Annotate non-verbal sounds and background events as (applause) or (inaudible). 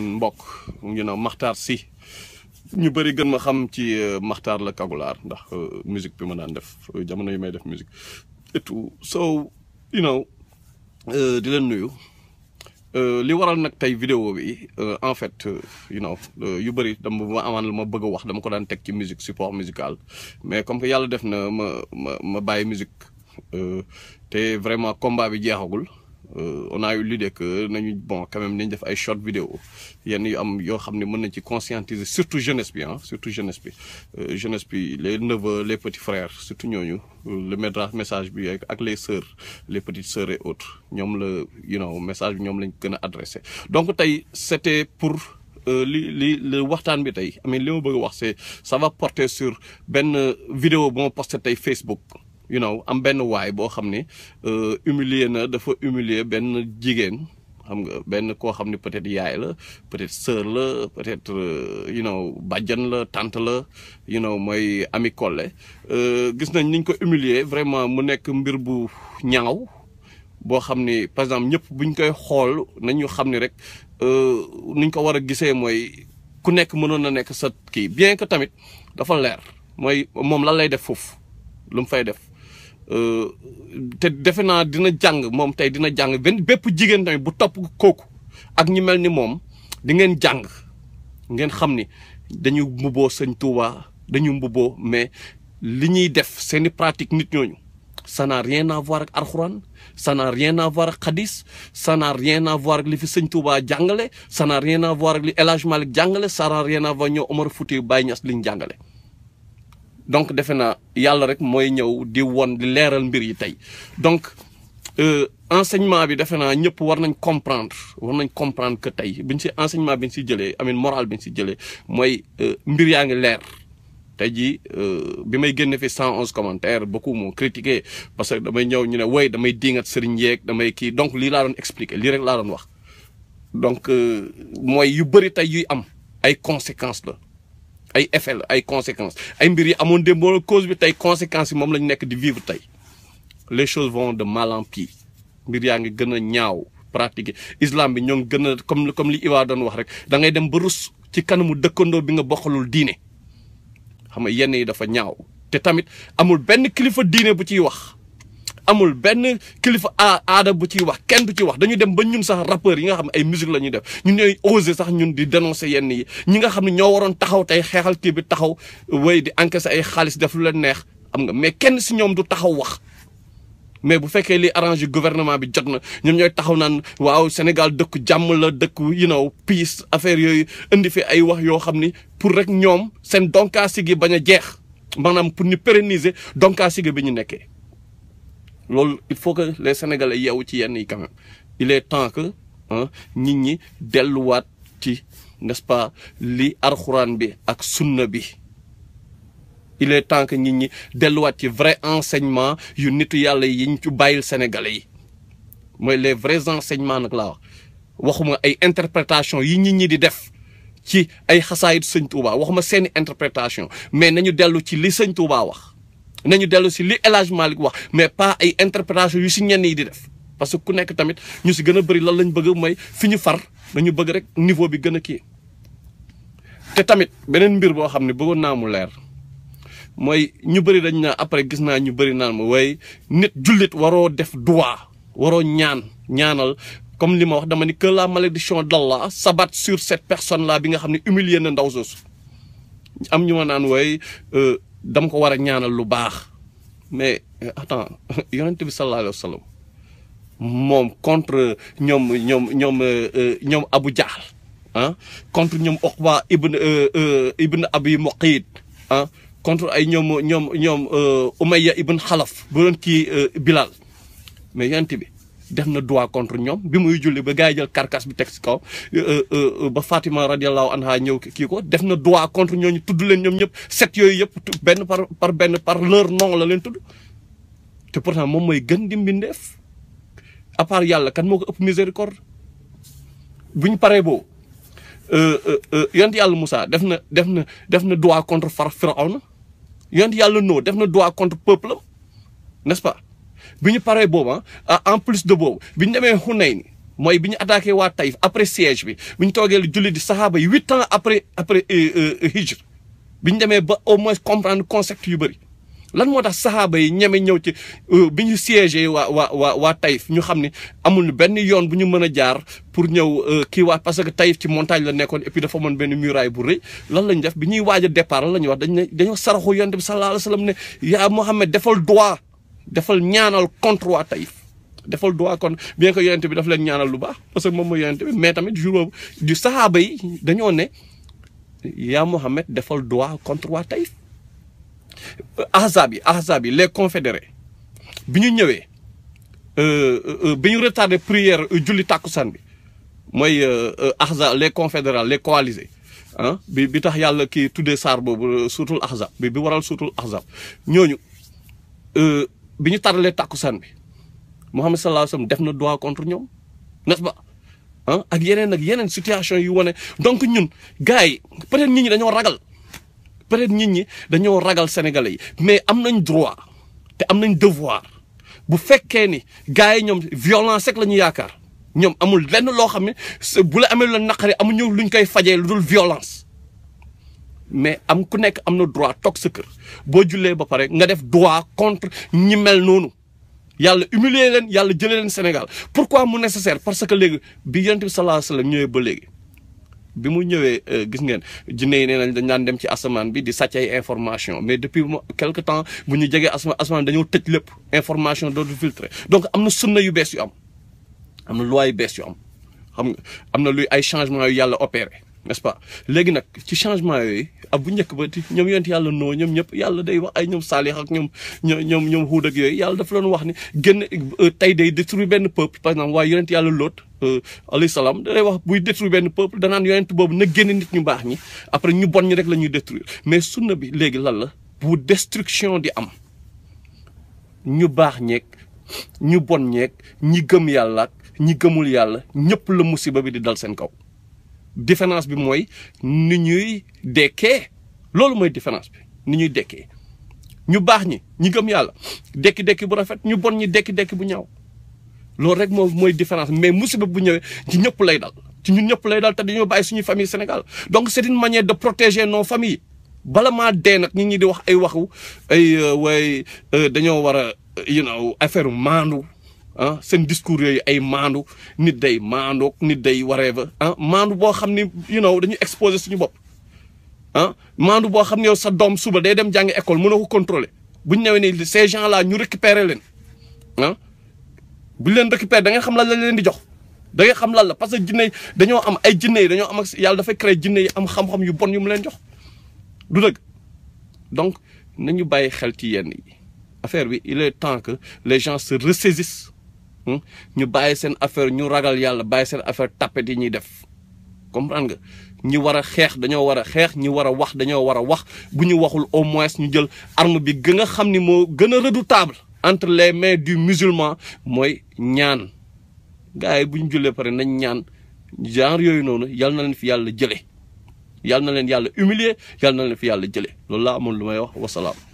mbokk mu ngi naan Makhtar Sy ñu bëri gën ma xam ci euh, Makhtar la Kagulaar ndax euh, musique bi ma daan def euh, jamono yi may def musique et tout so you know di leen nuyu li waral nag tey vidéo bi en fait you yu bëri dama ma amaan lu ma bëgg wax dama ko daan teg ci musique support musical mais comme que yàlla def na ma ma ma bàyyi musique te vraiment combat bi jeexagul Euh, on a eu l'idée que nañu bon quand même nañ def ay short vidéo yenn yu am yoo xam ne mën nañ ci conscientiser surtout jeunesse bi surtout jeunesse bi euh, jeunesse bi les neveux les petits frères surtout ñooñu le métrage message bi ak les sœurs les petites sœurs et autres ñoom la you know message bi ñoom lañ gën a adressé donc tey c'était pour euh, li li li waxtaan bi tey mais li ma bëgg a wax c'est ça va porter sur benn vidéo bu ma posté tey Facebook you know am benn waay boo xam ne euh, humilier na dafa humilier benn jigéen xam nga benn koo xam ne peut-être yaay la peut-être la peut-être euh, you know bàjjan la tant la you know mooy Ami Collé euh, gis nañ niñ ko humilier vraiment mu nekk mbir bu ñaaw boo xam ni par exemple ñëpp buñ koy xool nañu xam ni rek nuñ ko war a gisee mooy ku nekk mënoon na nekk sa kii bien que tamit dafa leer mooy moom lan lay def foofu lu mu fay def te defe naa dina jàng moom tey dina jàng benn bépp jigéen tamit bu topp kooku ak ñi mel ni moom dingeen jàng ngeen xam ni dañu mbubboo sëñ Tuuba dañu mbubboo mais li ñuy def seeni pratique nit ñooñu ça n'a rien à voir ak alxuraan ça n'a rien à voir ak xadis ça n'a rien à ak li fi sëñ Tuuba jàngale ça n'a rien à voir ak li El Hadj jàngale ça n'a rien à voir ñoo Omar Foutiyou Baye Niass liñ jàngale donc defe naa yàlla rek mooy ñëw di won di leeral mbir yi tey donc euh, enseignement bi defe naa ñëpp war nañ comprendre war nañ comprendre que tey ñu si enseignement ñu si jëlee amin moral ñu si jëlee mooy euh, mbir yaa ngi leer te jii euh, bi may génne fi cent onze commentaires beaucoup m'ont critiqué parce que damay ñëw ñu ne woy damay diingat sëriñ yeeg damay kii donc lii laa doon expliqué lii rek laa doon wax donc mooy yu bëri tey yuy am ay conséquences la ay effet ay conséquences ay mbir yi amoon démb cause bi tey conséquence yi moom lañu nekk di vivre tey les choses vont de mal en mbir yaa ngi gën a ñaaw pratiquer islam bi ñoo ngi gën a comme comme li Iwa doon wax rek da ngay dem ba rus ci kanamu dëkkandoo bi nga bokkalul diine xam nga yenn yi dafa ñaaw te tamit amul benn kilifa diine bu ciy wax. amul benn kilifa aada bu ciy wax kenn du ci wax dañu dem ba ñun sax rappeurs yi nga xam ne ay musique la ñuy def ñun ñooy oser sax ñun di dénoncer yenn yi ñi nga xam ne ñoo waroon taxaw tey xeexal kii bi taxaw way di encaisser ay xaalis def lu leen neex am nga mais kenn si ñoom du taxaw wax mais bu fekkee li arrangé gouvernement bi jot na ñoom ñooy taxaw naan waaw Sénégal dëkk jàmm la dëkk yi naw peace affaire yooyu indi fi ay wax yoo xam ni pour rek ñoom seen donkaasi gi bañ a jeex maanaam pour ñu pérenniser donkaasi bi ñu nekkee loolu il faut que les sénégalais yeewu ci yenn yi quand il est temps que nit ñi delluwaat ci n'est-ce pas li arxuraan bi ak sunna bi il est temps que nit ñi delluwaat ci vrai enseignement yu nitu yàlla yi ñu ci bàyyil sénégalais yi mooy les vrais enseignements nag laa wax waxuma ay interprétation yi nit ñi di def ci ay xasaayit sëñ Touba waxuma seeni interprétation mais nañu dellu ci li sëñ Touba wax nañu dellu si li El Hadj Malick wax mais pas ay interprétation yu si ñenn yi di def parce que ku nekk tamit ñu si gën a bëri lan lañ bëgg mooy fi ñu far dañu bëgg rek niveau bi gën kii. te tamit beneen mbir boo xam ne bëggoon naa mu leer mooy ñu bëri dañ naa après gis naa ñu bëri naan ma waaye nit jullit waroo def duwaa waroo ñaan ñaanal. comme li ma wax dama ni que la malédiction d'Allah sabat sur cette personne là bi nga xam ne humilier na ndaw soosu am ñu ma naan waaye euh, dama ko war a ñaanal lu baax mais attends (laughs) yonent bi sallallahu alayhi moom contre ñoom ñoom ñoom euh, euh, ñoom Abu Jahl ah contre ñoom Uqba ibn euh, ibn Abi Muqayt ah, contre ay ñoom ñoom ñoom Umayya ibn Xalaf bu doon mais yonent bi def na droit contre ñoom bi muy julli ba gars yi jël carcasse bi teg si kaw euh, euh, euh, ba Fatima radiallahu anha ñëw kii ko def na droit contre ñooñu tudd leen ñoom ñëpp set yooyu yëpp benn par par benn par leur nom la leen tudd te pour pourtant moom mooy gën di mbindeef à part yàlla kan moo ko ëpp bu buñ paree boo yonent yàlla Moussa def na def na def na droit contre far Firawna yonent yàlla noo def na droit contre peuple am n'est-ce bi ñu paree boobu ah en plus de boobu bi ñu demee Hunayn mooy bi ñu attaqué waa Taïf après siège bi bi ñu toogee lu julli di saxaaba yi huit ans après après euh, euh, hijr bi ñu demee ba au moins comprendre concept yu bëri lan moo tax saxaaba yi ñeme ñëw ci euh, bi ñu siégé waa waa waa waa Taïf ñu xam ni amul benn yoon bu ñu mën a jaar pour ñëw kii waa parce que Taïf ci montage la nekkoon et puis dafa amoon benn muraille bu rëy lan lañ def bi ñuy waaj a la ñuy wax dañ ne dañoo saraxu yonent bi sallallahu alayhi wa sallam ne defal ñaanal contre waa defal doa kon bien que yonente bi daf leen ñaanal lu baax parce que moom mooy yonente bi mais tamit jour boobu du sahaaba yi dañoo ne yaa Mohamed defal doa contre waa Taïf ahzab yi ahzab yi les confédérés bi ñu ñëwee euh, euh, euh, bi ñu retardé prière julli tàkkusaan bi mooy ahzab les confédérés les coalisés ah bi bi tax yàlla kii tuddee saar boobu suutul ahzab bi bi waral suutul ahzab ñooñu bi ñu taralee tàkkusaan bi Muhammad sallallahu alayhi wa sallam def na doigt contre ñoom n'est-ce pas ah ak yeneen ak yeneen situation yu wane donc ñun gars yi peut nit ñi dañoo ragal peut-être nit ñi dañoo ragal sénégalais yi mais am nañ droit te am nañ devoir bu fekkee ni gars yi ñoom violence rek la ñu yaakaar ñoom amul lenn loo xam ne bu la amee lu naqari amuñu luñ koy fajee lu dul violence. mais am ku nekk am na droit toog sa kër boo jullee ba pare nga def droit contre ñi mel noonu yàlla humilier leen yàlla jëlee leen Sénégal pourquoi mu nécessaire parce que léegi bi yonent bi sallallahu alayhi ñëwee ba léegi bi mu ñëwee euh, gis ngeen jinne yi nee nañ dañ daan dem ci asamaan bi di sàcc ay information mais depuis quelque temps bu ñu jegee asama asamaan dañoo tëj lépp information dootu filtré donc am na sunna yu bees yu am am na loi yu bees yu na luy ay changement yu yàlla opéré nest pa pas léegi nag ci changement yooyu ab bu njëkk ba ñoom yonent yàlla noo ñoom ñëpp yàlla day wax ay ñoom saalix ak ñoom ñoom ñoom xuud ak yàlla dafa doon wax ni génn euh, tey day détruire benn peuple par exemple waaye yonent yàlla loot euh, alayhi salaam da lay wax buy détruire benn peuple danaan yonent boobu na génn nit ñu baax ñi après ñu bon ñi rek la ñuy détruire mais sunna bi léegi lan la bu destruction di am ñu baax ñeek ñu bon ñeek ñi gëm yàlla ñi gëmul yàlla ñëpp la musiba bi di dal seen kaw différence bi mooy ni ñuy dekkee loolu mooy différence bi ni ñuy dekkee ñu baax ñi ñi gëm yàlla dekki dekki bu rafet ñu bon ñi dekki dekki bu ñaaw loolu rek moom mooy différence mais musiba bu ñëwee ci ñëpp lay dal ci ñun ñëpp lay dal te dañoo bàyyi suñuy famille Sénégal donc c'est une manière de protéger nos familles bala maa dee nag ñi ñi di wax ay waxu ay euh, way euh, dañoo war a you affaire maandu ah seen discours yooyu ay maandu nit day maandoog nit day wareeva ah maandu boo xam ni you naw dañuy exposé suñu bopp ah maandu boo xam ne yow sa doom suba day dem jàngi école mun mënoo ko contrôler bu ñu nii ne ces gens là ñu récupérer leen ah bu leen récupérer da nga xam lan la leen di jox da xam lan la parce que jinne yi dañoo am ay jinne yi dañoo am ak yàlla dafay créer jinne yi am xam-xam yu bon yu mu leen jox du dëgg donc nañu bàyyi xel ci yenn yi affaire bi il est temps que les gens se Hm? ñu bàyyi seen affaire ñu ragal yàlla bàyyi seen affaire tappet yi ñuy def comprendre nga ñi war a xeex dañoo war a xeex ñi war a wax dañoo war a wax bu ñu waxul au moins ñu jël arme bi gën a xam ni moo gën a redoutable entre les mains du musulman mooy ñaan gars yi bu ñu jullee pare nañ ñaan genre yooyu noonu yal na leen fi yàlla jële yal na leen yàlla humilier yal na leen fi yàlla jëlee loolu laa amoon lu may wax wasalaam